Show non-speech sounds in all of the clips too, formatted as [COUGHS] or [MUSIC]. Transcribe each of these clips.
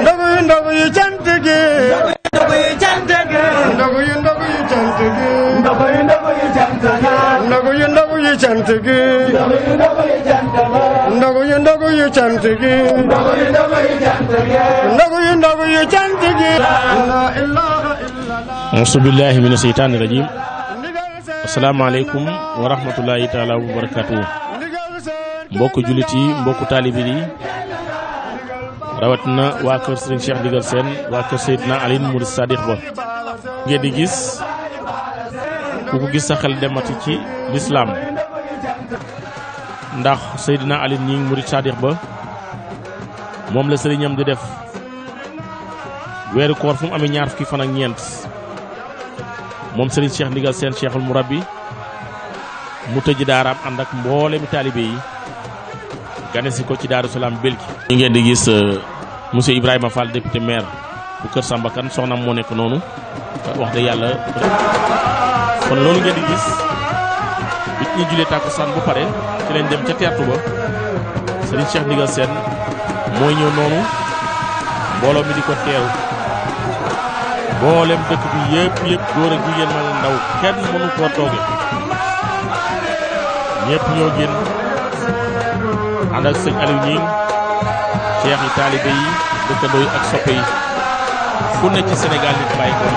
ndogu yu ndogu yu cant gi. ndogu yu cant gi. ndogu yu ndogu yu cant gi. ndogu yu ndogu yu cant gi. ndogu yu ndogu yu cant gi. ndogu yu ndogu yu cant gi. ndogu yu ndogu yu cant gi. ndogu yu ndogu yu cant gi. ndogu yu ndogu yu cant gi. laa ilaaha illallaah. auzu billaahi mina seytaani rajiim. asalaamaaleykum wa rahmatulaahi taala wa barakaatuh. mbokku jullit yi mbokku taalibe yi. rawat na waa kër sëriñ Cheikh Ndigal Sène waa kër Seydina Alioune Mourid Sadikh ba ngeen di gis ku ko gis sa xel demati ci lislaam ndax Seydina Alioune ñi Mourid Sadikh ba moom la sëriñam di def weeru koor fu mu amee ñaar fukki fan ak ñeent moom sëriñ Cheikh Ndigal Sène Cheikhul bi mu tëj daaraam ànd ak mboole mi taalibe yi gane si ko ci Daaru Salaam Belki ñi ngeen di gis euh, monsieur Ibrahima Fall député maire bu Kër Samba Kane soxnaam moo nekk noonu wax dëgg yàlla kon loolu ngeen di gis bi ñu julee tàkkusaan bu pare ci leen dem ca teertu ba Serigne Cheikh Ndigal Sène mooy ñëw noonu mbooloo mi di ko teew mboolem dëkk bi yëpp yëpp góor ak jigéen mag ndaw kenn mënu koo tooge ñëpp ñoo génn ànd ak sëñ Aliou ñi ceex yi taalibe yi dëkkandoo yi ak soppe yi fu ne ci senegal nit bàyyi ko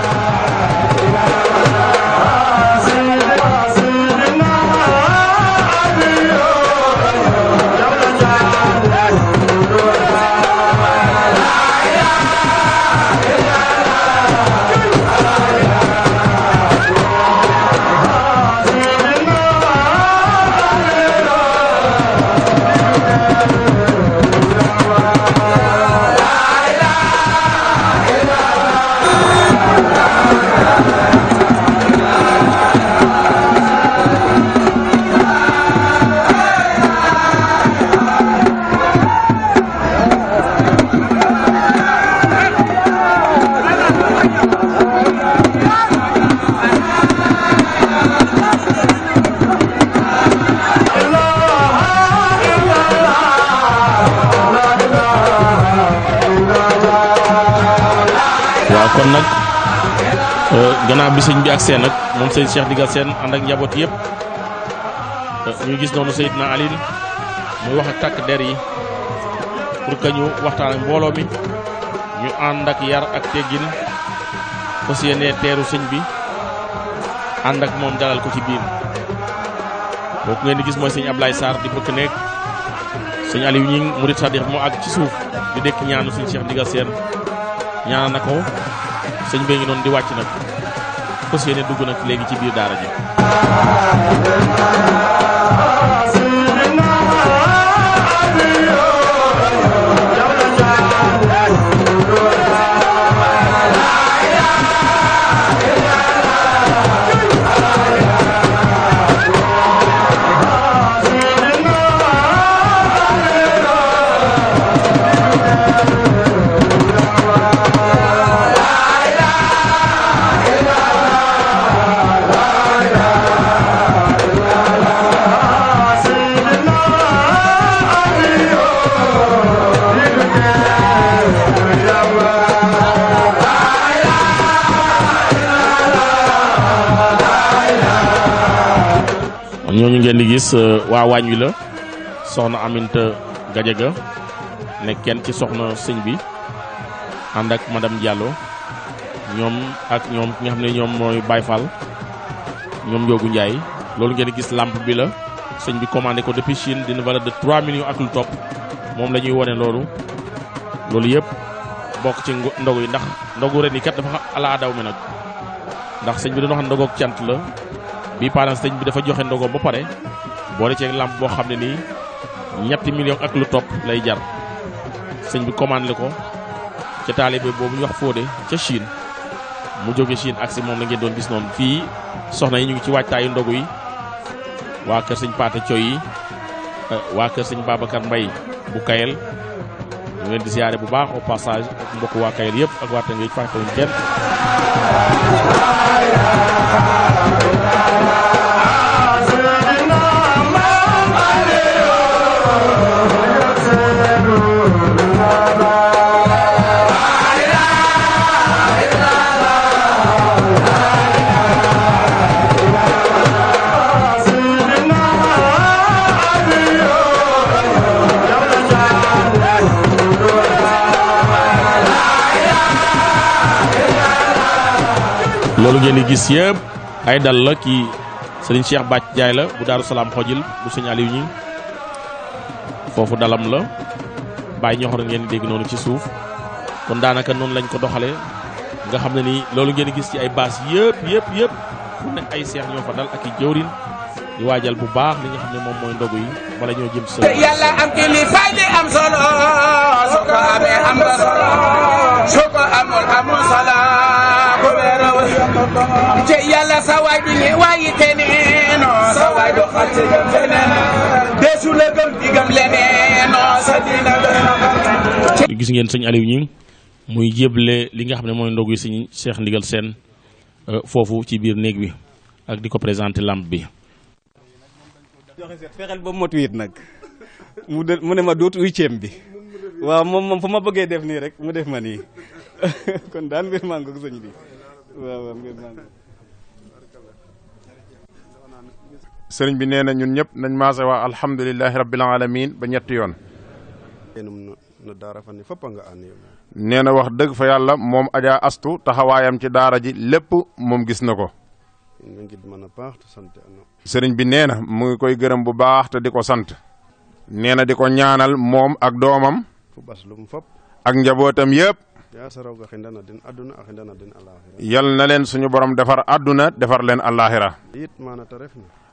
bi sëñ bi ak seen nag moom sëñ Cheikh Ndigal Sène ànd ak njaboot yëpp ñu gis noonu Seydina Alioune muy wax ak tàkk der yi pour que ñu waxtaan ak mbooloo mi ñu ànd ak yar ak teggin fas yéenee teeru sëñ bi ànd ak moom dalal ko ci biir booku ngeen di gis mooy sëñ Ablaye Sarr di bëkk nekk sëñ mu ñi murid sadix moo àgg ci suuf di dekk ñaanu sëñ Cheikh Ndigal seen ñaana na ko sëñ bi ngi doon di wàcc nag fas yéene dugg nag léegi ci biir daara ji ñooñu ngeen di gis euh, waa waañ wi la soxna Aminta Gadiaga nekk kenn ci soxna sëñ bi ànd ak madame Diallo ñoom ak ñoom ki nga xam ne ñoom mooy Baye Fall ñoom Njoogu njaay loolu ngeen di gis lampe bi la sëñ bi commandé ko depuis Chine dina valeur de 3 millions ak lu topp moom la ñuy wone loolu loolu yëpp bokk ci ndogu yi ndax ndogu ren kat dafa ala daw mi nag ndax sëñ bi doon wax ndogoog cant la bi parents sëñ bi dafa joxe ndogo ba pare boole ceeg làmp boo xam ne nii ñetti million ak lu topp lay jar sëñ bi commandé ko ca taalibe boobu ñu wax Fodé ca Chine mu jóge Chine ak si moom la ngeen doon gis noonu fii soxna yi ñu ngi ci waajtaayu ndogu yi waa kër sëñ Paate Coy yi eh, waa kër sëñ Babacar Mbay bu Kayel mu leen di siyaare bu baax au passage ak mbokk waa Kayel yëpp ak waa Tëngéej fàttewuñ kenn ngeen gis yëpp ay dal la kii sëriñ Cheikh Bàcc Jaay la bu Daaru Salaam xojil bu sëñ Aliou ñi foofu dalam la bàyyi ñoxor ngeen dégg noonu ci suuf kon daanaka noonu lañ ko doxalee nga xam ne ni loolu ngeen gis ci ay baas yëpp yëpp yëpp fu ne ay seex ñoo fa dal ak i jëwrin di waajal bu baax li nga xam ne moom mooy ndogu yi wala ñoo jëm solo yàlla am kilifaay di am solo su ko amee am na solo ce yàlla sa waay du ñe waayi teneeno sa waay do xal ci gëm teneen deesu la gëm di leneeno sa dina gis ngeen sëñ Aliou ñi muy jéble li nga xam ne mooy ndogu yi sëñ Cheikh Ndigal Sène euh, foofu ci biir néeg bi ak di ko présenté lampe bi fexeel ba mot nag mu de mu ne ma dootu huitième bi waaw moom moom fu ma bëggee def nii rek mu def ma nii [LAUGHS] kon daal mbir maa ngoog sëñ bi sëriñ bi nee na ñun ñëpp nañ maase waa alhamdulilahi rabbil alamin ba ñetti yoon nee na wax dëgg fa yàlla moom ajaa astu taxawaayam ci daara ji lépp moom gis na ko sëriñ bi nee na mu ngi koy gërëm bu baax te di ko sant neena di ko ñaanal moom ak doomam ak njabootam yépp yal na leen suñu borom defar àdduna defar leen àllaaxira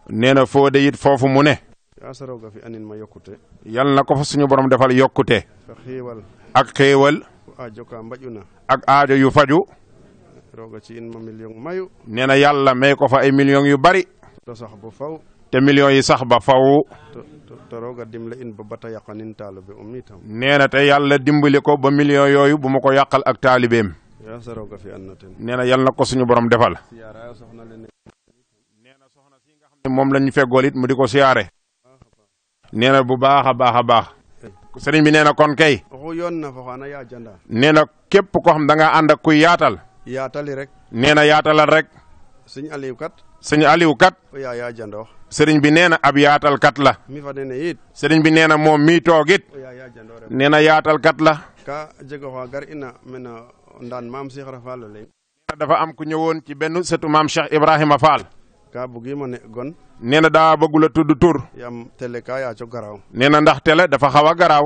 nee na foo de it foofu mu ne yal na ko fa suñu borom defal yokkute ak xéewal ak aajo yu faju nee na yàlla may ko fa ay millions yu bari te millions yi sax ba faw Um nee na te yàlla dimbali ko ba million yooyu bu ma ko yàqal ak taalibeem. nee na yàlla na ko suñu borom defal. nee na soxna si nga xam ne moom la ñu mu di ko siyaare. nee na bu baax a baax a baax. sëriñ bi nee na kon kay. nee na képp koo xam da nga ànd ak kuy yaatal. yaatali rek. nee na yaatalal rek. sëñ Aliou kat. sëñ Aliou kat. sëriñ bi nee na ab yaatalkat la. mi fa bi nee na moom mii toog it. nee na yaatalkat la. ka jega xooxa gar ina mene ndaan maam Cheikh Ibra Fall dafa am ku ñëwoon ci benn sëtu maam Cheikh Ibrahima Fall. ka bugiima ne gon. nee na daa bëggula tudd tur. yam télé ka yaaco garaaw. nee na ndax télé dafa xaw a garaaw.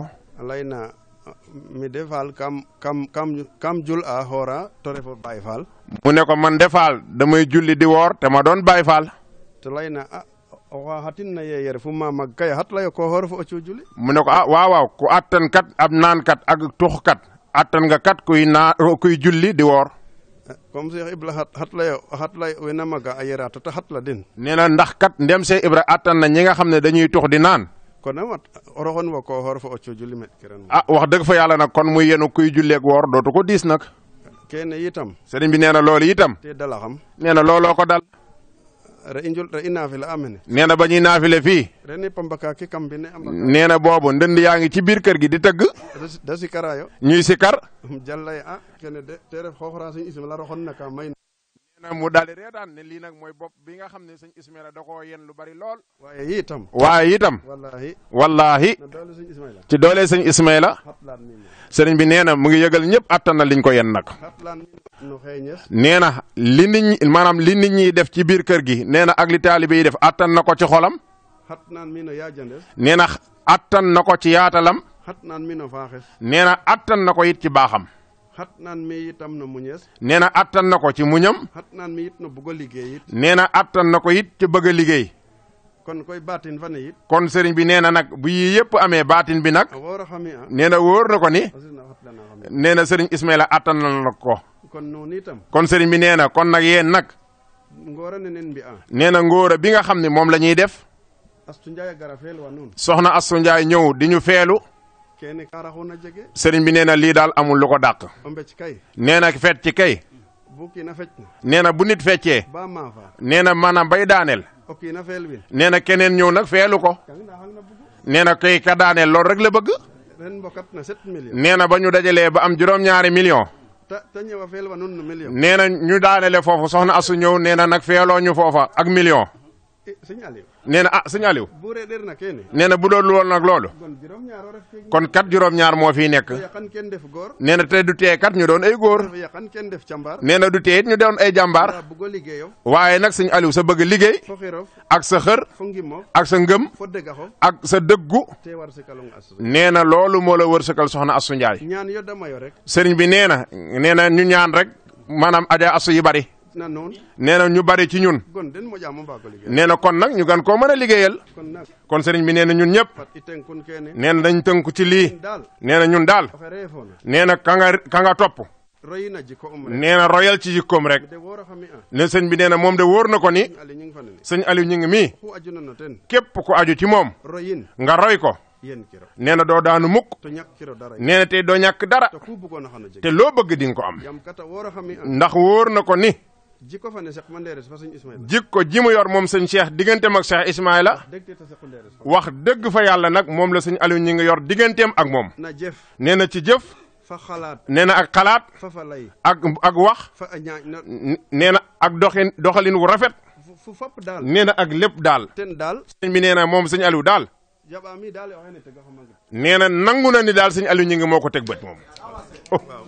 lay na mi de Fall kam kam jul a xoora to refo Baye Fall. mu ne man de Fall damay julli di woor te ma doon Baye Fall. te lay na ah. oxa xatin na yeeyer fu ma mag kay xatlayo ko xoor fo o cuujuli mu ne ko ah waaw waaw ku attan kat ab naan kat ak tux kat attan nga kat kuy naa kuy julli di woor eh, comme Cheikh Ibra xatlayo xatlay na maga a yeraata ta xatla den nee na ndax kat ndem se Ibra attan na ñi nga xam ne dañuy tux di naan kon amat oroxon wa ko xoor fo o cuujuli met kiran a ah, wax dëgg fo yàlla nag kon muy yenu kuy julleeg woor dootu ko diis nag keene itam sëriñ bi nee na loolu itam te dala xam nee looloo ko dal re i njol re a mene na ba ñuy naafile fii reni pambaka ki kam bi ne nee na yaa ngi ci biir kër gi di tëgg da sikarayo ñuy sikar [LAUGHS] jalla a ah kene de te ref xooxora sëñ Ismaila ka may nee na mu daal di ne lii nag mooy bopp bi nga xam ne sëñ Ismaila da koo yen lu bari lool. waaye itam. waaye itam. wallaahi. wallaahi. ci doole sëñ Ismaila. sëriñ bi nee na mu ngi yëgal ñëpp attan na liñ ko yen nag. nee na li nit maanaam li nit ñi def ci biir kër gi nee na ak li taalibe yi def attan na ko ci xolam. nee na attan na ko ci yaatalam. nee na attan na ko it ci baaxam. xat naan mi na muñees nee na attan na ko ci muñam xat naan bëgg liggéey nee na attan na ko it ci bëgg liggéey kon koy baatin fa kon sëriñ bi nee na nag bu yii yëpp amee baatin bi nag ah. nee na wóor na ko ni nee na sëriñ Ismaila attan na ko kon itam kon sëriñ bi nee na kon nag yéen nag ah. nee na ngóora bi nga xam ne moom la ñuy def soxna Astu Njaay ñëw di ñu feelu sëriñ bi nee na lii daal amul lu ko dàq. nee na fet ci kay. nee na bu nit feccee. nee na maanaam bay daaneel. nee na keneen ñëw nag feelu ko. nee na kay ka daaneel loolu rek la bëgg. nee na ba ñu dajalee ba am juróom-ñaari million. nee na ñu daanele foofu soxna asu ñëw nee na nag feeloo ñu foofa ak million. nee na ah sëñ Aliou nee na bu doon lool nag loolu kon kat juróom-ñaar moo fi nekk nee na te du tee kat ñu doon ay góor nee na du tee it ñu doon ay jàmbaar waaye nag sëñ Aliou sa bëgg liggéey ak sa xër ak sa ngëm ak sa dëggu nee na loolu moo la wërsëgal soxna Asou Ndiaye sëriñ bi neena na nee na ñu ñaan rek maanaam aja asu yi bari nee na ñu bari ci ñun nee na kon nag ñu gan koo mën a liggéeyal kon sëriñ bi nee na ñun ñëpp nee na dañ tënku ci lii nee na ñun daal nee na ka nga ka nga topp nee na royal ci jikkoom rek ne sëñ bi nee na moom de wóor na ko ni sëñ Aliou ñu ngi mii képp ku aju ci moom nga roy ko nee na doo daanu mukk nee na tey doo ñàkk dara te loo bëgg di nga ko am ndax wóor na ko ni jikko fa ne man ndeeres fa sëñ Ismaïla. jikko ji mu yor moom sëñ Cheikh digganteem ak Cheikh Ismaïla. wax dëgg fa yàlla nag moom la sëñ Aliou ñi ngi yor digganteem ak moom. na jëf nee na ci jëf. fa xalaat nee na ak xalaat. fa lay ak ak wax. fa nee na ak doxin doxalin wu rafet. fu fopp daal nee na ak lépp daal. ten daal sëñ bi nee na moom sëñ Aliou daal. nee na nangu na ni daal sëñ Aliou ñi ngi moo ko teg bët moom. waaw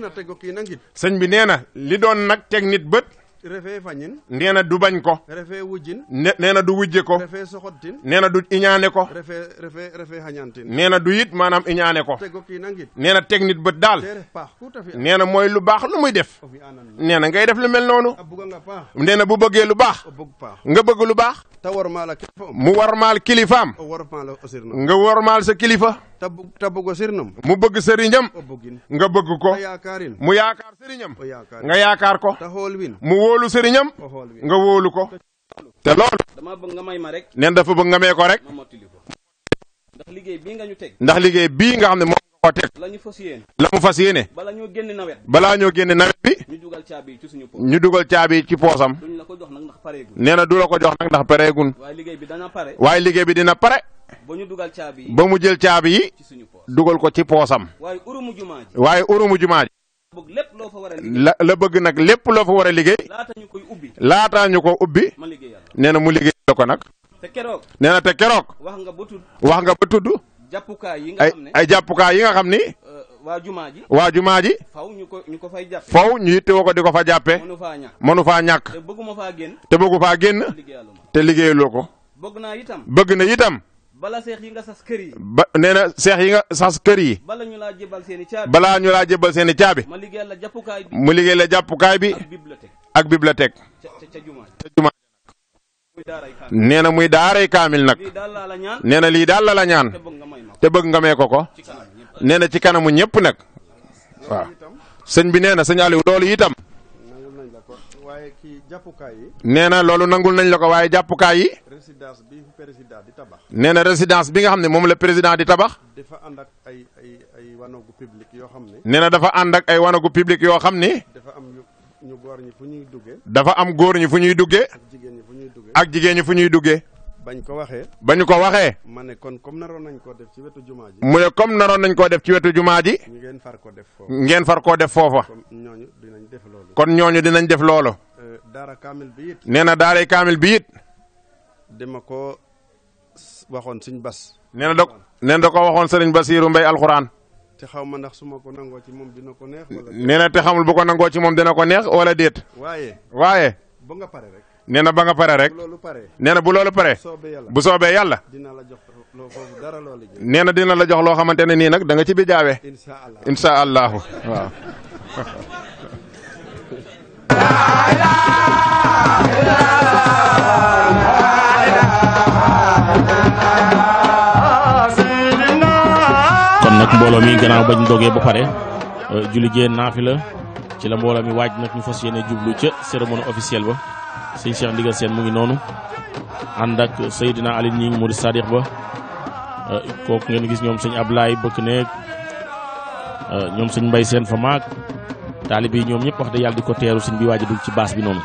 [LAUGHS] na tego kii sëñ bi nee na li doon nag teg nit bët refe fañin nee na du bañ ko refe nee na du wujje ko refe soxottin nee na du iñaane ko refe refe refe xañantin nee na du it maanaam iñaane ko nee na teg nit bët daal nee na mooy lu baax lu muy def nee na ngay def lu mel noonu nee na bu bëggee lu baax nga bëgg lu baax mu war warmaal kilifaam nga war warmaal sa kilifa ta bëgg sirnam mu bëgg sëriñam nga bëgg ko mu yaakaar sëriñam nga yaakaar ko wóolu sëriñam nga wóolu ko te loolu dama bëgg nga may ma rek neen dafa bëgg nga mee ko rek ndax liggéey bii nga ñu xam ne moom nga ko teg la ñu fas yéene la mu fas yéene balaa ñoo génn nawet balaa ñoo génn nawet bi ñu dugal caabi ci ñu dugal caabi ci poosam duñ la ko jox nag ndax pareegun nee na du la ko jox nag ndax pareegun waaye liggéey bi dana pare waaye liggéey bi dina pare ba ñu dugal caabi yi ba mu jël caabi yi dugal ko ci poosam waaye urumu jumaa la la bëgg nag lépp loo fa war a liggéey. laataa ñu ko ubbi. nee na mu liggéey la ko nag. nee na te keroog. wax nga ba tudd. wax nga ba tudd. jàppukaay yi nga ay ay jàppukaay yi nga xam ni. Euh, waa jumaa ji waa jumaa ji. faw ñu ko ñu ko fay jàppee. faw ñu yittewoo ko di ko fa jàppee. mënu faa ñàkk faa ñàkk. te bëggu ma faa génn. te bëggu faa génn. te liggéeyaloo ko. bëgg na itam. bala seex yi nga yi. ba nee na seex yi nga sas kër yi. balaa ñu laa jébal seeni i caabi. balaa ñu laa jébal seen i caabi. mu liggéey la jàppukaay bi. mu jàppukaay bi. ak bibliothèque. ak bibliothèque. ca ca jumaa ca jumaa nee na muy daaray kaamil nag. nee na lii daal la la ñaan. te bëgg nga may ko ko. nee na ci kanamu ñëpp nag. waaw sëñ bi nee na sëñ Aliou loolu itam. nee na loolu nangul nañ la ko waaye jàppukaay yi. résidence bi président di tabax. nee na résidence bi nga xam ne moom la président di tabax. dafa ànd ak ay ay ay wanagu public yoo xam ne. nee na dafa ànd ak ay wanagu public yoo xam ni dafa am ñu góor ñi fu ñuy duggee. dafa am góor ñi fu ñuy duggee. ak jigéen ñi fu ñuy duggee. ak jigéen ñi fu ñuy bañ ko waxee. bañ ko waxee. ma ne comme naroon nañ koo def ci wetu jumaa ji. mu ne comme naroon nañ koo def ci wetu jumaa ji. ngeen far koo def foofa. ngeen far koo def foofa. ñooñu dinañ def loolu. kon ñooñu dinañ def loolu. daara kaamil bi it. nee na daaray kaamil bi it. dama ko waxoon suñ bas. nee na da nee na da koo waxoon sëriñ Basiiru Mbay alxuraan. te xaw ma ndax su ma ko nangoo ci moom dina ko neex. wala nee te xamul bu ko nangoo ci moom dina ko neex wala déet. waaye. waaye. ba nga pare rek. nee na ba nga pare rek. bu loolu paree. nee na bu loolu paree. bu soobee yàlla. dina la jox loo foofu dara loo liggéey. na dina la jox loo xamante ne nii nag da nga ci bi jaawee. incha allah incha allahu waaw. [LAUGHS] kon nag mboolo mi gannaaw bañ dogee ba pare euh, julli gee naafi la ci la mboolo mi waaj nag ñu fas yéene jublu ca cérémonie officielle ba sëñ Cheikh Ndigal Sène mu ngi noonu ànd ak Seydina Ali ñi mu di Sadiq ba euh, kooku ngeen gis ñoom sëñ Ablaye bëkk neeg euh, ñoom sëñ Mbay Sène fa maag taalibe yi ñoom ñëpp wax dëgg yàlla di ko teeru sëñ bi a dugg ci baas bi noonu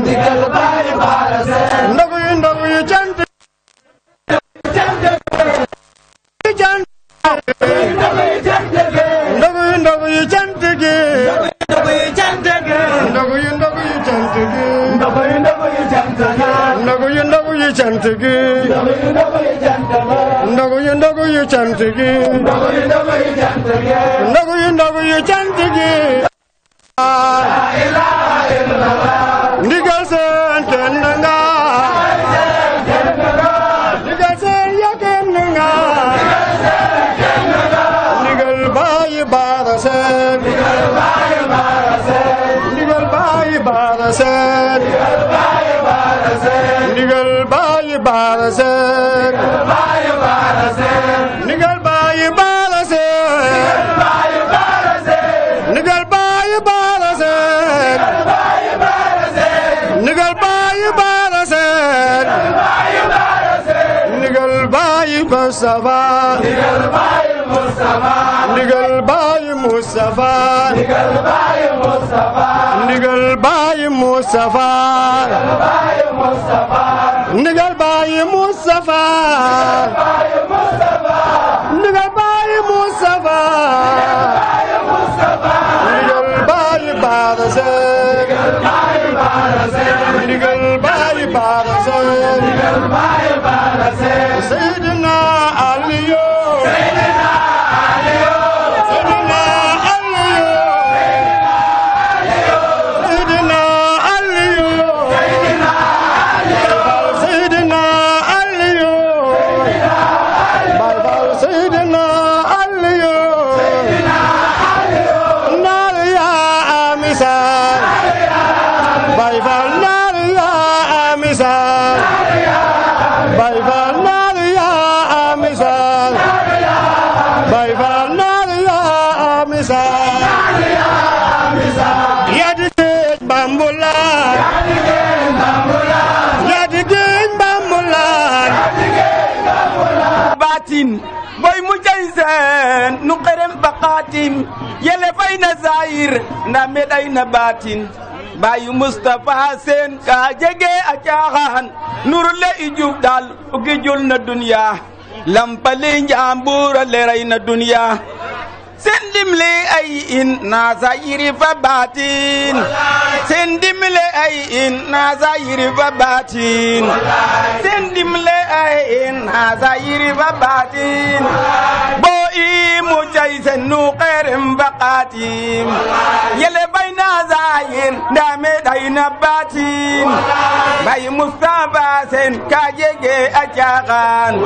ndigal bàyyi baara seen ndogu yu ndogu yu cant cant gi ndogu yu ndogu yu cant gi ndogu yu ndogu yu cant gi baala seer. ndigal baayu baala seer. ndigal baayu baala seer. ndigal baayu baala seer. ndigal baayu baala seer. ndigal baayu Mustafa. Moustapha. ndigal baayu Moustapha. ndigal baayu Moustapha. ndigal baayu Moustapha. ndigal baayu Moustapha. ndigal baayu Moustapha. ndigal baayu Moustapha. ndigal baayu Baara Seck. ndigal baayu Baara Seck. ndigal baayu Baara Seck. ndigal baayu Baara Seck. yaatin yele fay na zahir nda meɗay na batin bayu moustapha sen ka jege a caaxaan nurule i jub daal o gijul na duniya lampali njambur leray na duniya sen dimle ay in na zahiri fa batin sen dimle ay in na zahiri fa batin سنو قرم با قاتم يلي بين زاين دامي دين باتين باي مصطفى سن كاجي اجاغان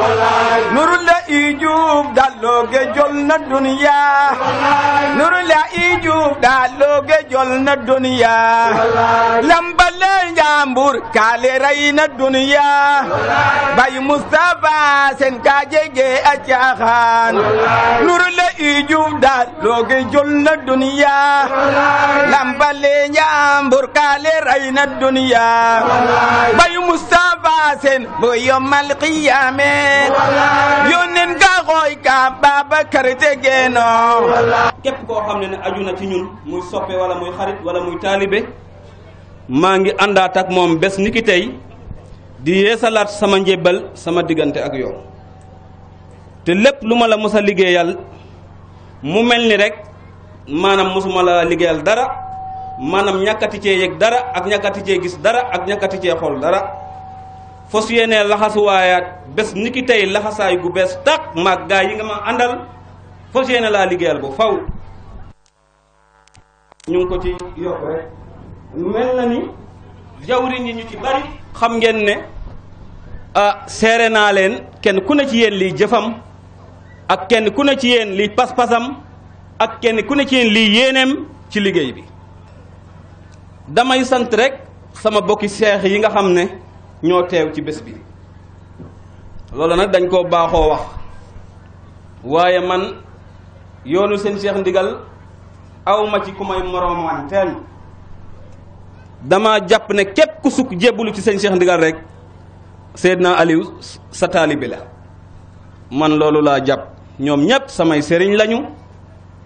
نور لا ايجوب دالوغي جولنا الدنيا نور لا ايجوب دالوغي جولنا الدنيا لمبلا جامبور كالي رينا الدنيا باي مصطفى سن كاجي اجاغان نور لا ايجوب دالوغي جولنا na duniya lambale njàmbur kaale rey na duniya bayu Mustafa seen bu yomal qiyaame yónneen ga xooy ka Babakar tegeenoo képp koo xam ne ne aju na ci ñun muy soppe wala muy xarit wala muy taalibe maa ngi àndaat ak moom bés niki tey di yeesalaat sama njébbal sama diggante ak yow te lépp lu ma la mos a liggéeyal mu mel ni rek maanaam mosuma la liggéeyal dara maanaam ñàkkati cee yëg dara ak ñàkkati cee gis dara ak ñàkkati cee xool dara fos yéenee laxasuwaayaat bés ni ki tey laxasaay gu bees tàq maag gaa yi nga ma àndal fas yéene laa liggéeyal bu faw ñu ngi ko ci yokk rek mel na ni jawriñ yi ñu ci bari xam ngeen ne ah seere naa leen kenn ku ne ci yéen liy jëfam ak kenn ku ne ci yéen liy pas-pasam ak kenn ku ne ci yéen lii yéeneem ci liggéey bi damay sant rekk sama bokki seex yi nga xam ne ñoo teew ci bés bi loolu nag dañ koo baaxoo wax waaye man yoonu seen seex ndigal awma ci ku may moroomaan teen dama jàpp ne képp ku sukk jébbalu ci seen seex ndigal rek Seydina Aliou sa taalibi la man loolu laa jàpp ñoom ñépp samay sëriñ lañu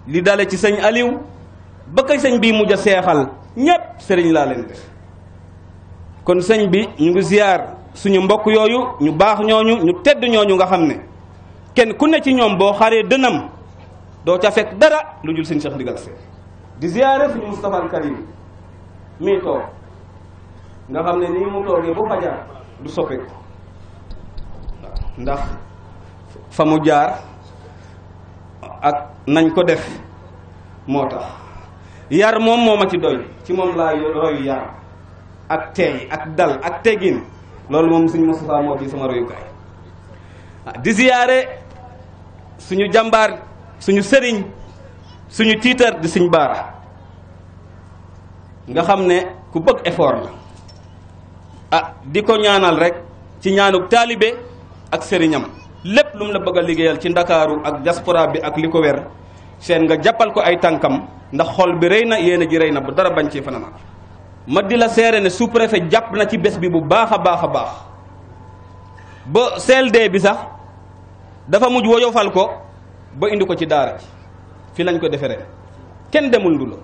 li dale ci sëñ aliw ba kay sëñ bii mujj a seexal ñépp sëriñ laa leen def kon sëñ bi ñu ngi ziyaar suñu mbokk yooyu ñu baax ñooñu ñu tedd ñooñu nga xam ne kenn ku ne ci ñoom boo xaree dënam doo ca fekk dara lu jul sëñ Cheikh Ndigal Seck di ziyaare suñu Moustapha al mii toog nga xam ne nii mu toogee bu fajar du soppeeku ndax fa mu jaar ak nañ ko def moo tax yar moom moo a ci doy ci moom laa royu yar ak teey ak dal ak teggin loolu moom suñu Moustapha moo di sama royukaay ah, di ziyaare suñu jàmbaar suñu sëriñ suñu tiitar di suñ baara nga xam ne ku bëgg effort la ah di ko ñaanal rekk ci ñaanuk taalibe ak sëriñam lépp lu mu la bëgg a liggéeyal ci ndakaaru ak diaspora bi ak li ko wér seen nga jàppal ko ay tànkam ndax xol bi rëy na yéene ji rey na bu dara bañ ci fanama ma di la seere ne sous-préfet jàpp na ci bés bi bu baax a baax a baax ba CLD bi sax dafa mujj woyofal ko ba indi ko ci daara ji fi lañ ko deferee kenn demul ndu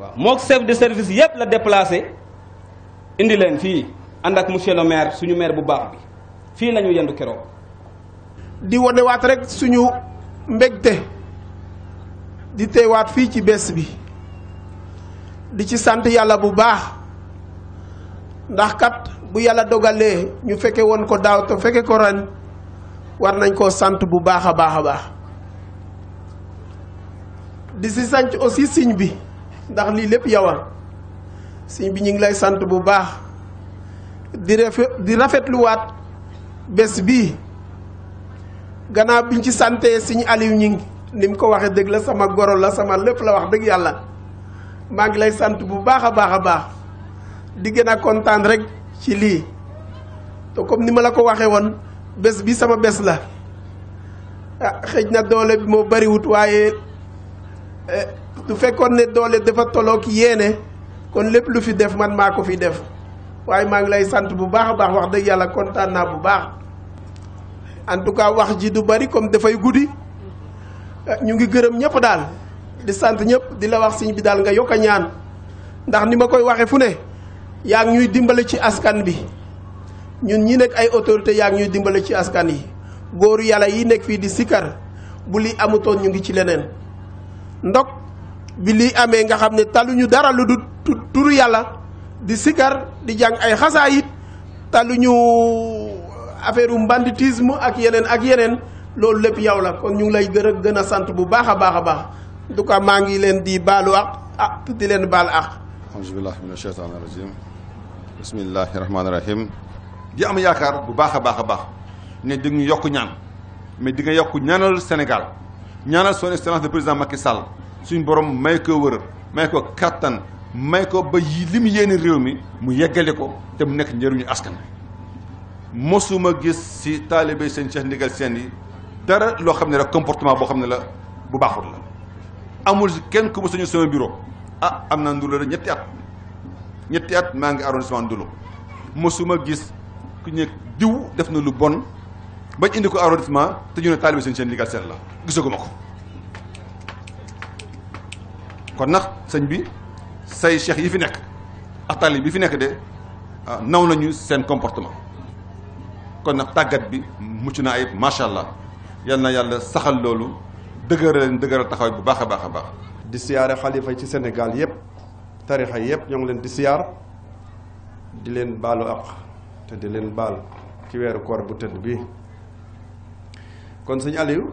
waaw mook chef de service yépp la déplacé indi leen fii ànd ak monsieur le suñu maire bu baax bi fii la ñu yendu keroog di wonewaat rekk suñu mbegte di teewaat fii ci bés bi di ci sant yàlla bu baax ndax kat bu yàlla dogalee ñu fekke woon ko daaw te fekke ko ren war nañ ko sant bu baax a baax a baax di si sanc aussi siñ bi ndax lii lépp yawa siñ bi ñu ngi lay sant bu baax di rafet di rafetluwaat bés bii gannaaw biñ ci santee siñ Aliou ñi ni mu ko waxee dëgg la sama goro la sama lépp la wax dëgg yàlla maa ngi lay sant bu baax a baax a baax di gën a kontaan rek ci lii te comme ni ma la ko waxe woon bés bi sama bés la ah xëj na doole bi moo bariwut waaye eh, du fekkoon ne doole dafa tollook yéene kon lépp lu fi def man maa ko fi def waaye maa ngi lay sant bu baax a baax wax dëgg yàlla kontaan naa bu baax en tout cas wax ji du bari comme dafay guddi ñu ngi gërëm ñëpp daal di sant ñëpp di la wax sëñ bi daal nga yokk ñaan ndax ni ma koy waxee fu ne yaa ngi ñuy dimbale ci askan bi ñun ñi nekk ay autorité yaa ngi ñuy dimbale ci askan yi góoru yàlla yi nekk fii di sikkar bu lii amutoon ñu ngi ci leneen ndok bi lii amee nga xam ne taluñu dara lu du turu yàlla di sikar di jàng ay xasaayit taluñu affaire u banditisme ak yeneen ak yeneen loolu lépp yow la kon ñu ngi lay gën a gën a sant bu baax a baax a baax en ko maa ngi leen di baalu ak ah di leen baal ak alhamdulilah min asheytaan irajim bismillahi rahmaani rahim di am yaakaar bu baax a baax a baax ne di nga yokk ñaan mais di nga yokk ñaanal Sénégal ñaanal son excellence le président Macky Sall suñu borom may ko wër may ko kattan may ko ba li mu yéene réew mi mu yeggale ko te mu nekk njëriñu askan mosuma gis si taalibe seen Cheikh Ndigal Sène yi dara loo xam ne rek comportement boo xam ne la bu baaxul la amul kenn ku ma sañu sama bureau ah am naa ndulo la ñetti at ñetti at maa ngi arrondissement ndulo mosuma gis ku ñëw diw def na lu bon bañ indi ko arrondissement te ñu ne taalibe seen Cheikh Ndigal Sène la gisaguma ko kon nag sëñ bi say cheikh yi fi nekk ak taalib bi fi nekk de ah, naw nañu seen comportement kon nag tàggat bi mucc na ayib macha allah yal na yàlla saxal loolu dëgëral leen dëgëral taxaw bu baax a baax a baax. di siyaare xalifa yi ci senegal yëpp tarixa yëpp ñoo ngi leen di siyaar di leen baalu àq te di leen baal ci weeru koor bu tëdd bi kon sëñ Aliou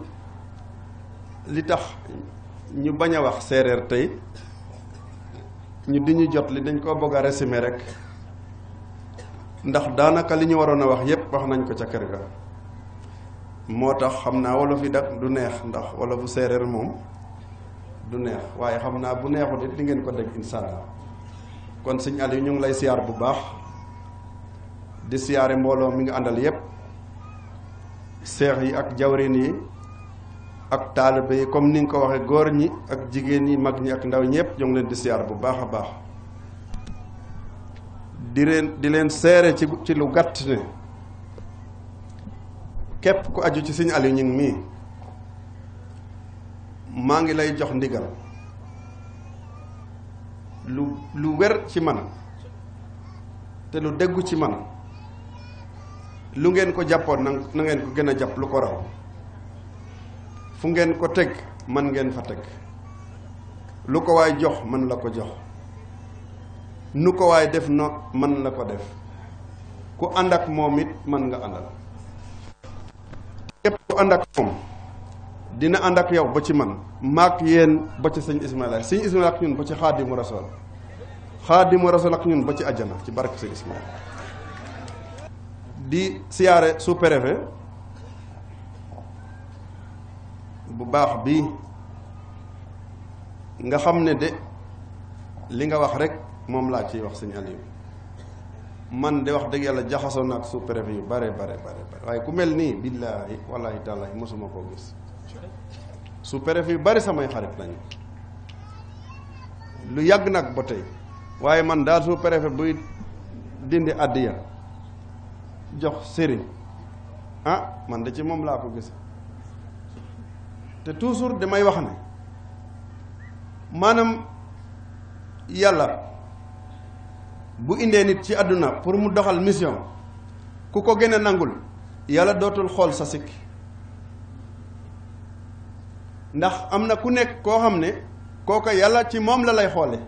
li tax ñu bañ a wax séeréer tey. ñu di ñu jot li dañ koo bëgg a résumer rek ndax daanaka li ñu waroon a wax yépp wax nañ ko ca kër ga moo tax xam naa wolof yi dak du neex ndax wolofu séeréer moom du neex waaye xam naa bu neexut it di ngeen ko dégg insha Allah kon sëñ yi ñu ngi lay siyaar bu baax di siyaare mbooloo mi nga àndal yépp seex yi ak jawrin yi ak taalibe yi comme ni nga ko waxee góor ñi ak jigéen ñi mag ñi ak ndaw ñëpp ñoo ngi leen di siyaar bu baax a baax di leen di leen seere ci ci lu gàtt ne képp ku aju ci Serigne Aliou Gningue mii maa ngi lay jox ndigal lu lu wér ci man te lu déggu ci man lu ngeen ko jàppoon na ngeen ko gën a jàpp lu ko raw fu ngeen ko teg man ngeen fa teg lu ko waay jox man la ko jox nu ko waay def na man la ko def ku ànd ak moom it man nga àndal képp ku ànd ak moom dina ànd ak yow ba ci man maak yéen ba ci sëñ Ismaila sëñ Ismaila ak ñun ba ci xaadimu rasool xaadimu rasool ak ñun ba ci àjjana ci barke sëñ Ismaila di siyaare sous-préfet bu baax bi nga xam ne de li nga wax rek moom laa ciy wax sëñ Aliou man de wax dëgg yàlla jaxasoo na ak sous-préfet yu bare bare bare waaye ku mel nii billaahi wallaahi tàllaahi mosuma koo gis sous-préfet yu bari samay xarit lañu lu yàgg nag ba tey waaye man daal sous-préfet buy dindi àddiya jox sëriñ ah man de ci moom laa ko gis te toujours damay wax ne maanaam yàlla bu indee nit ci àdduna pour mu doxal mission ku ko gën a nangul yàlla dootul xool sa sikk ndax am na ku nekk koo xam ne kooka yàlla ci moom la lay xoole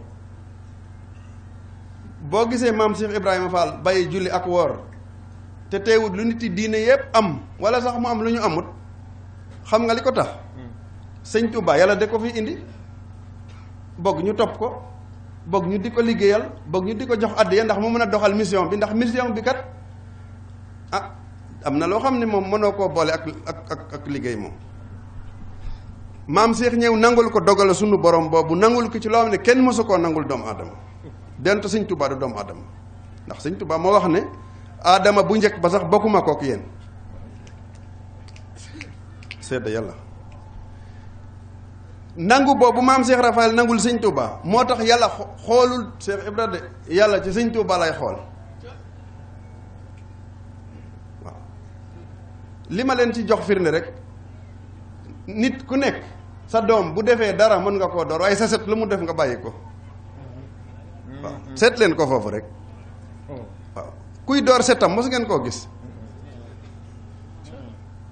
boo gisee maam Cheikh Ibrahima Fall bàyyi julli ak woor te teewut lu nit yi diine yépp am wala sax mu am lu ñu amut xam nga li ko tax sëñ Touba yàlla de ko fi indi boog ñu topp ko boog ñu di ko liggéeyal boog ñu di ko jox addiya ndax mu mën a doxal mission bi ndax mission bi kat ah am na loo xam ne moom mënoo koo boole ak ak ak liggéey moom. maam Cheikh ñëw nangul ko dogal suñu borom boobu nangul ko ci loo xam ne kenn mësu koo nangul doomu aadama dent sëñ Touba du doomu aadama ndax sëñ Touba moo wax ne aadama bu njëkk ba sax bokkuma kook yéen sedd yàlla. nangu boobu maam Cheikh Rafaal nangul sëñ Touba moo tax yàlla xoolul Cheikh Ibra de yàlla ci sëñ Touba lay xool waaw li ma leen ci jox firnde rek nit ku nekk sa doom bu defee dara mën nga koo door waaye sa set lu mu def nga bàyyi ko waaw seet leen ko foofu rek waaw kuy door setam mos ngeen koo gis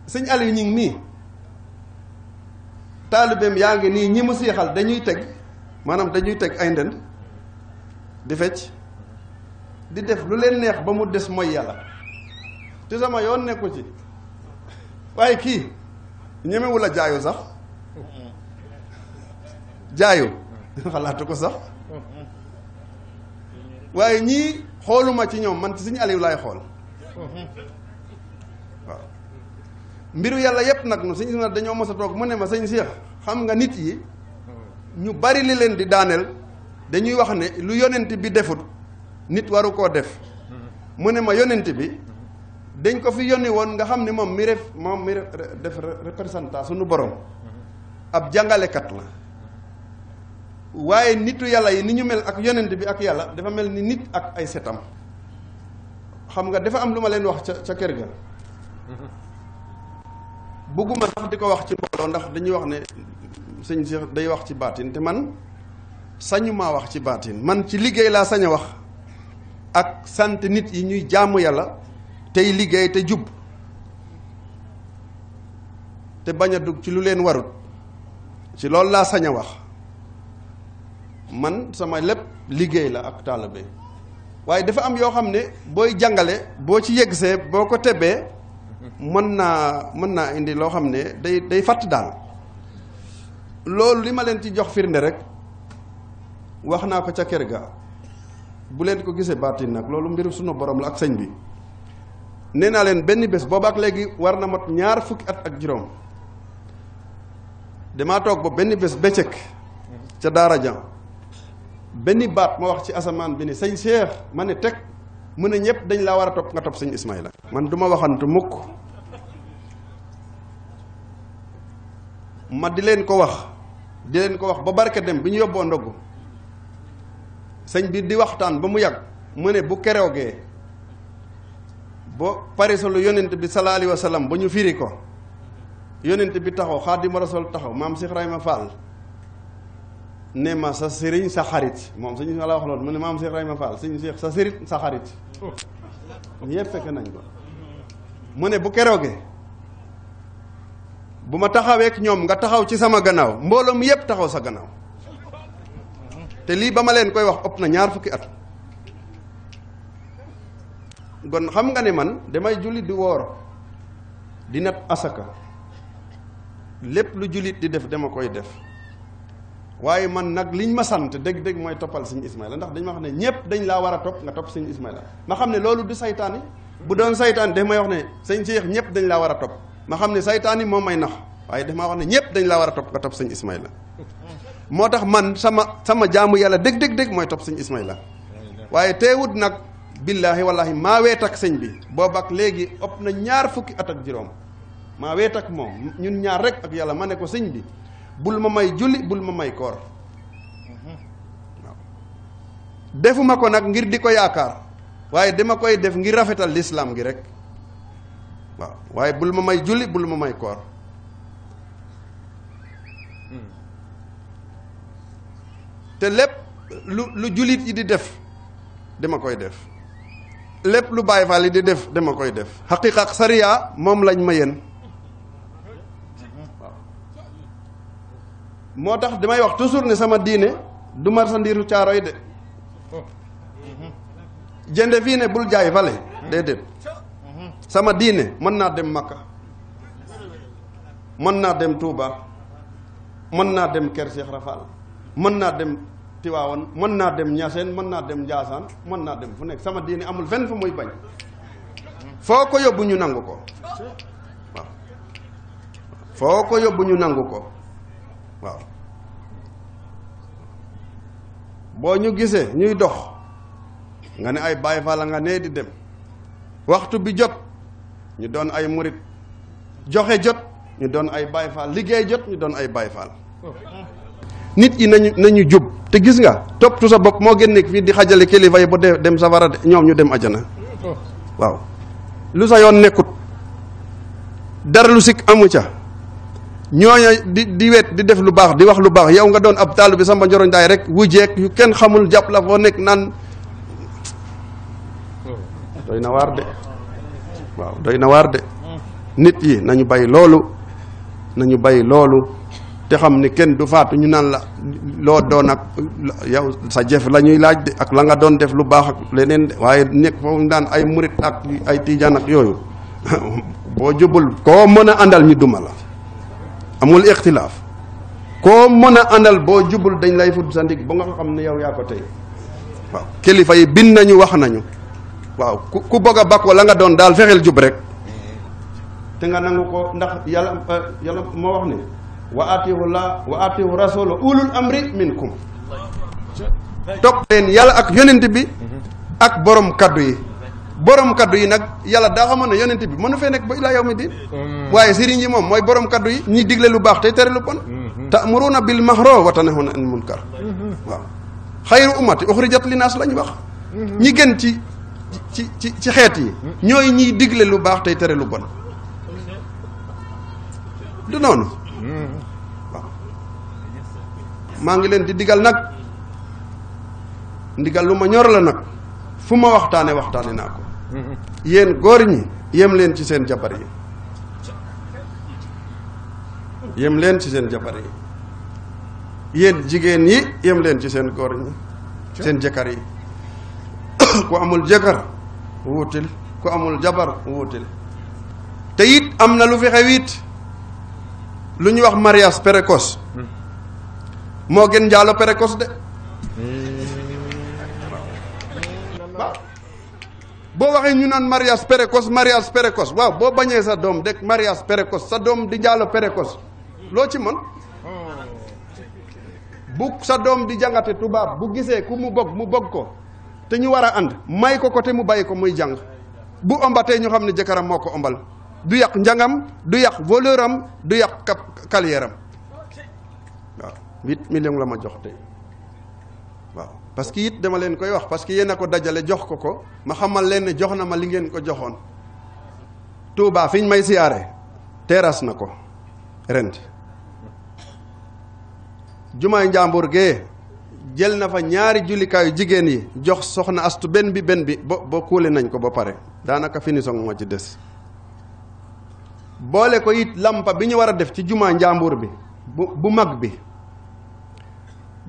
sëñ Aliou ñu nii. taalibeem yaa ngi nii ñi mu siixal dañuy teg maanaam dañuy teg ay ndënd di fecc di def lu leen neex ba mu des mooy yàlla te sama yoon nekku ci waaye kii ñemewu la jaayu sax jaayu xalaatu ko sax waaye ñii xooluma ci ñoom man ci suñu Aliou laay xool mbiru yàlla yépp nag nu sëñ Ismaila dañoo mos a toog mu ne ma sëñ Cheikh xam nga nit yi ñu bari li leen di daaneel dañuy wax ne lu yonent bi defut nit waru koo def mu ne ma yonent bi dañ ko fi yónni woon nga xam ne moom mi ref moom mi def représentant suñu boroom ab jàngalekat la waaye nitu yàlla yi ni ñu mel ak yonent bi ak yàlla dafa mel ni nit ak ay setam xam nga dafa am lu ma leen wax ca ca kër ga bëgguma sax di ko wax ci mbooloo ndax dañuy wax ne sëñ Cheikh day wax ci baatin te man sañumaa wax ci baatin man ci liggéey laa saña wax ak sant nit yi ñuy jàmm yàlla tey liggéey te jub te bañ a dugg ci lu leen warut ci loolu laa sañ a wax man sama lépp liggéey la ak taalibe waaye dafa am yoo xam ne booy jàngale boo ci yëgsee boo ko tebee mën naa mën naa indi loo xam ne day day fàtt daal loolu li ma leen ci jox firnde rek wax naa ko ca kër ga bu leen ko gisee baatin nag loolu mbiru sunu borom la ak sëñ bi nee naa leen benn bés booba ak léegi war na mat ñaar fukki at ak juróom dama toog ba benn bés bëccëg ca daara ja benn baat ma wax ci asamaan bi ni sëñ Cheikh ma ne teg mu ne ñëpp dañ laa war a topp nga topp sëñ la man du ma waxantu mukk ma di leen ko wax di leen ko wax ba barke dem bi ñu yóbboo ndogu sëñ bi di waxtaan ba mu yàgg mu ne bu keroogee boo parisalu yonent bi sallallahu alayhi wa sallam ba ñu firi ko yonent bi taxaw xaadimu rasul taxaw maam Cheikh Ibrahima Fall ne ma sa sëriñ sa xarit moom suñu la wax loolu mu ne maam Cheikh Ibrahima Fall suñu Cheikh sa sëriñ sa xarit ñëpp fekk nañ ko mu ne bu keroogee bu ma taxaweek ñoom nga taxaw ci sama gannaaw mbooloo mi yëpp taxaw sa gannaaw te lii ba ma leen koy wax ëpp na ñaar fukki at kon xam nga ne man damay jullit di woor dina nat asaka lépp lu jullit di def dama koy def waaye man nag li ñu ma sant dëgg-dëgg mooy toppal sëñ la ndax dañ ma wax ne ñëpp dañ laa war a topp nga topp sëñ Ismaïla ma xam ne loolu du saytaane doon saytaane daf may ne sëñ Cheikh ñëpp dañ laa war topp ma xam ne saytaan moom may nax waaye daf maa ne ñëpp dañ laa a topp nga topp sëñ Ismaïla moo tax man sama sama jaamu yàlla dëgg-dëgg-dëgg mooy topp sëñ la waaye teewut nag billaahi wallaahi maa weet ak sëñ bi boobu ak léegi ëpp na ñaar fukki at ak juróom maa weet ak moom ñun ñaar rek ak yàlla ma ne ko sëñ bi bul ma may julli bul ma may koor defuma ko nag ngir di ko yaakaar waaye dama koy def ngir rafetal lislaam gi rek waaw waaye bul ma may julli bul ma may koor te lépp lu lu jullit yi di def dama koy def lépp lu Baay Faal yi di def dama koy def xaqiiqa ak sariya moom lañ ma yéen moo tax damay wax toujours ne sama diine du marsandiiru caaro yi de jënde fii ne bul jaay fale déedéet sama diine mën naa dem Makka mën naa dem Touba mën naa dem Kër Cheikh mën naa dem Tiwaawan mën naa dem Ñaseen mën naa dem Njaasaan mën naa dem fu nekk sama diine amul fenn fu muy bañ foo ko yóbbu ñu nangu ko waaw foo ko yóbbu ñu nangu ko waaw boo ñu gisee ñuy dox nga ne ay Baay Faal la nga nee di dem waxtu bi jot ñu doon ay murit joxe jot ñu doon ay Baay Faal liggéey jot ñu doon ay Baay Faal nit yi nañu nañu jub te gis nga topptu sa bokk moo génn fii di xajale kilifa yi ba dem safara de ñoom ñu dem ajana waaw lu sa yoon nekkut dara lu sikk amu ca ñooñu di di wet di def lu baax di wax lu baax yow nga doon ab taalu bi samba njoroñ daay rek wujeek yu kenn xamul jàpp la foo nekk naan hmm. doy na waar de na waar nit yi nañu bay loolu nañu bay loolu te xam ni kenn du faatu ñu naan la loo doon ak yow sa jëf la laaj de ak la nga doon def lu baax ak leneen de waaye nekk foofu daan ay murit ak ay tiijaan ak yooyu [LAUGHS] boo jubul koo mën a àndal ñu duma la amul ixtilaaf koo mën a àndal boo jubul dañ lay fudd sa ndig ba nga xam ne yow yaa ko tey waaw kilifa yi bind nañu wax nañu waaw ku ku bëgg a bakk la nga doon daal fexeel jub rek te nga nangu ko ndax yàlla eh, moo wax ne wa atihu la wa atihu rasula ulul amri minkum topp leen yàlla ak yonent bi ak borom kaddu yi borom kaddu yi nag yàlla daa xamoon ne yonent bi mënu fee nekk ba ilaa yawmi diin mm. waaye sëriñ yi moom mooy borom kaddu yi ñi digle lu baax tey tere lu bon mm-hmm. ta'muruna bil mahro wa tanahuna an munkar mm-hmm. waaw xayru ummati la ñu wax mm-hmm. ñi ci ci ci ci xeet yi ñooy ñiy digle lu baax tey tere lu bon du noonu waaw maa ngi leen di digal nag ndigal lu ma ñor la nag fu ma waxtaane waxtaane naa ko yéen góor ñi yem leen ci seen jabar yi yem leen ci seen jabar yi yéen jigéen yi yem leen ci seen góor ñi seen jëkkër yi [COUGHS] ku amul jëkkër wuutil ku amul jabar wuutil te it am na lu fi xew it lu ñuy wax mariage précoce hmm. moo gën njaalo précoce de boo waxee ñu naan mariage précoce mariage précoce waaw boo bañee sa doom dek mariage précoce sa doom di njaalo précoce loo ci mën bu sa doom di jàngate tubaab bu gisee ku mu bëgg mu bëgg ko te ñu war a ànd may ko ko te mu bàyyi ko muy jàng bu ombatee ñu xam ne jëkkëram moo ko ombal du yàq njangam du yàq valeuram du yàq kap carrière am waaw huit millions la ma jox tey parce que it dama leen koy wax parce que yéen a ko dajale jox ko ko ma xamal leen ne jox na ma li ngeen ko joxoon Touba fiñ may siyaare terrasse na ko rent jumaay njàmbur gee jël na fa ñaari jullikaayu jigéen yi jox soxna astu benn bi benn bi ba ba kuule nañ ko ba pare daanaka finition moo ci des boole ko it lampa bi ñu war a def ci jumaa njàmbur bi bu bu mag bi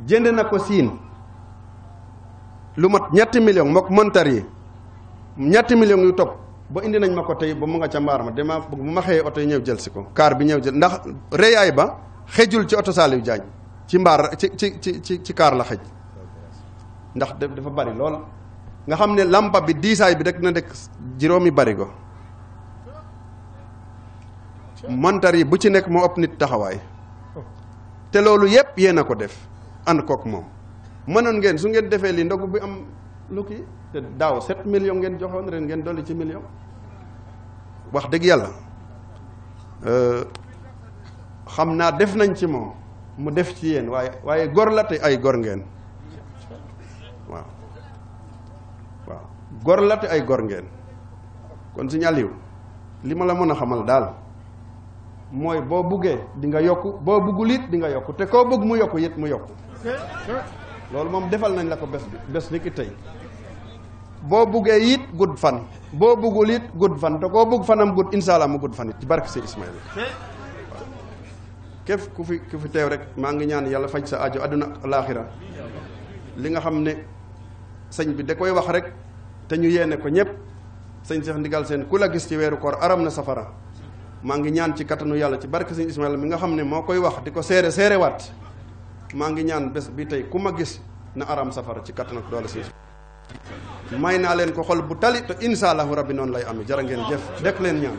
jënd na ko siin lu mat ñetti million mook montar yi ñetti million yu topp ba indi nañ ma ko tey ba mu nga ca mbaar ma dama bëgg bu ma xëyee oto yi ñëw jël si ko kaar bi ñëw jël ndax reyaay ba xejul ci oto Saliou Diagne ci mbaar ci ci ci ci ci kaar la xej ndax dafa bari lool nga xam ne lampa bi diisaay bi rek na nekk juróomi barigo montar yi bu ci nekk moo ëpp nit taxawaay te loolu yépp yéen a ko def ànd kook moom mënoon ngeen su ngeen defee lii ndogu bi am lu kii te daaw 7 millions ngeen joxoon ren ngeen dolli ci million wax dëgg yàlla euh, xam naa def nañ ci moom mu def ci yéen waaye waaye gor la te ay gor ngeen waaw waaw gor la te ay gor ngeen kon si ñàlliw li ma la mën a xamal daal mooy boo buggee di nga yokk boo buggul it di nga yokk te koo bëgg mu yokk it mu yokk loolu moom defal nañ la ko bés bi bés ni ki tey boo buggee it gudd fan boo buggul it gudd fan te koo bugg fanam gudd incha allah mu gudd fan it ci barke si ku fi rek maa ngi ñaan yàlla faj sa ajo àdduna laaxira li nga xam ne sëñ bi da koy wax rek te ñu yéene ko ñëpp sëñ Cheikh ndigal seen ku la gis ci weeru koor aram na safara maa ngi ñaan ci kattanu yàlla ci barke si Ismaïla mi nga xam ne moo koy wax di ko seere seere waat maa ngi ñaan bés bi tey ku gis na aram safara ci kattan ak doole siis may naa leen ko xol bu tali te insha allahu rabbi noonu lay amee jërë ngeen jëf dekk leen ñaan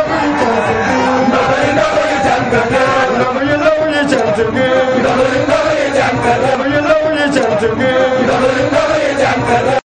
jàngale.